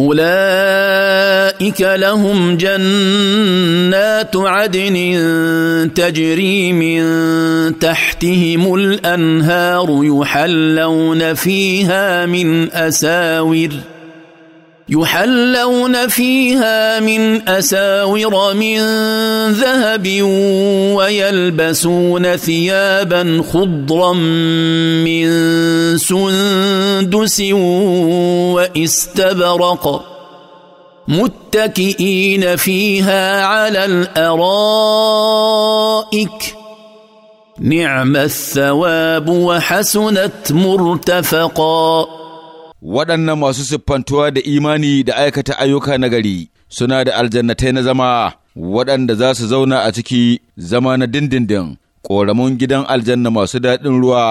اولئك لهم جنات عدن تجري من تحتهم الانهار يحلون فيها من اساور يحلون فيها من اساور من ذهب ويلبسون ثيابا خضرا من من سندس واستبرق متكئين فيها على الارائك نعم الثواب وحسنت مرتفقا waɗannan masu siffantuwa da imani da aikata ayyuka nagari suna da aljannatai na zama waɗanda za su zauna a ciki zama na dindindin ƙoramin gidan aljanna masu daɗin ruwa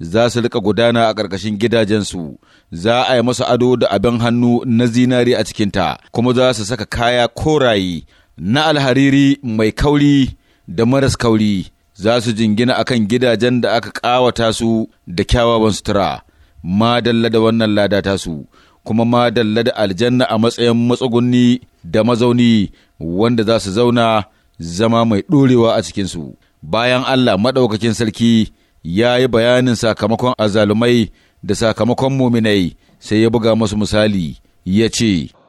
za su riƙa gudana a ƙarƙashin gidajensu, za a yi masu ado da abin hannu na zinari a cikinta, kuma za su saka kaya koraye na alhariri mai kauri da maras kauri, za su jingina a kan gidajen da aka ƙawata su da kyawawan sutura, dalla da wannan lada tasu, kuma dalla da aljanna a matsayin matsugunni da mazauni wanda za su zauna zama mai ɗorewa a cikinsu. Bayan Allah maɗaukakin sarki ya yi bayanin sakamakon azalumai da sakamakon muminai sai ya buga musu misali ya ce